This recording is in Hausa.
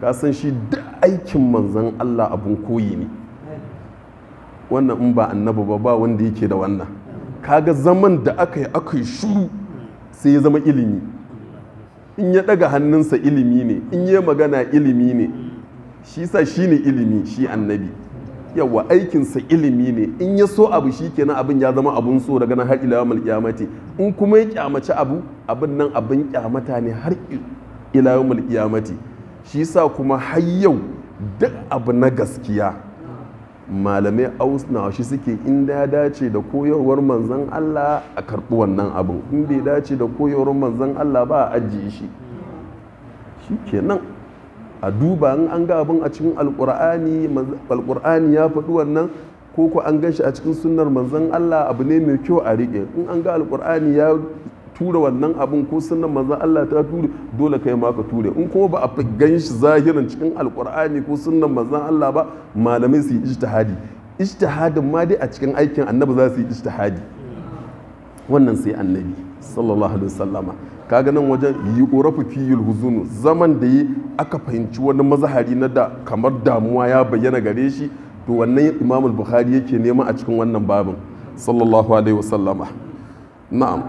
ka san shi da aikin manzan Allah abun koyi ne wannan in ba annabi ba ba wanda yake da wannan kaga zaman da aka yi aka yi shuru sai ya zama ilimi in ya daga hannunsa ilimi ne in ya magana ilimi ne shi sa shi ne ilimi shi annabi yawa aikinsa ilimi ne in ya so abu shi kenan abin ya zama abun so daga nan har ila yawon qiyamati in kuma ya kyamaci abu abin nan abin kyamata ne har ila yawon qiyamati shi sa kuma hayyau duk abu na gaskiya malamai ausna shi suke inda ya dace da koyarwar manzan Allah a karɓi wannan abin inda ya dace da koyarwar manzan Allah ba a ajiye shi shi kenan a duba in an ga abin a cikin alƙur'ani alƙur'ani ya faɗi wannan ko ko an gan shi a cikin sunnar manzan Allah abu ne mai kyau a riƙe in an ga alƙur'ani ya tura wannan abin ko sunan manzan Allah ta tura dole kai ma ka ture in kuma ba a gan shi zahirin cikin alkur'ani ko sunan manzan Allah ba malamai su yi ijtihadi ijtihadin ma dai a cikin aikin annabi za su yi ijtihadi wannan sai annabi sallallahu alaihi wasallama kaga nan wajen yi ƙorafi fiyul huzunu zaman da yi aka fahimci wani mazahari na da kamar damuwa ya bayyana gare shi to wannan imamul bukhari yake nema a cikin wannan babin sallallahu alaihi wasallama na'am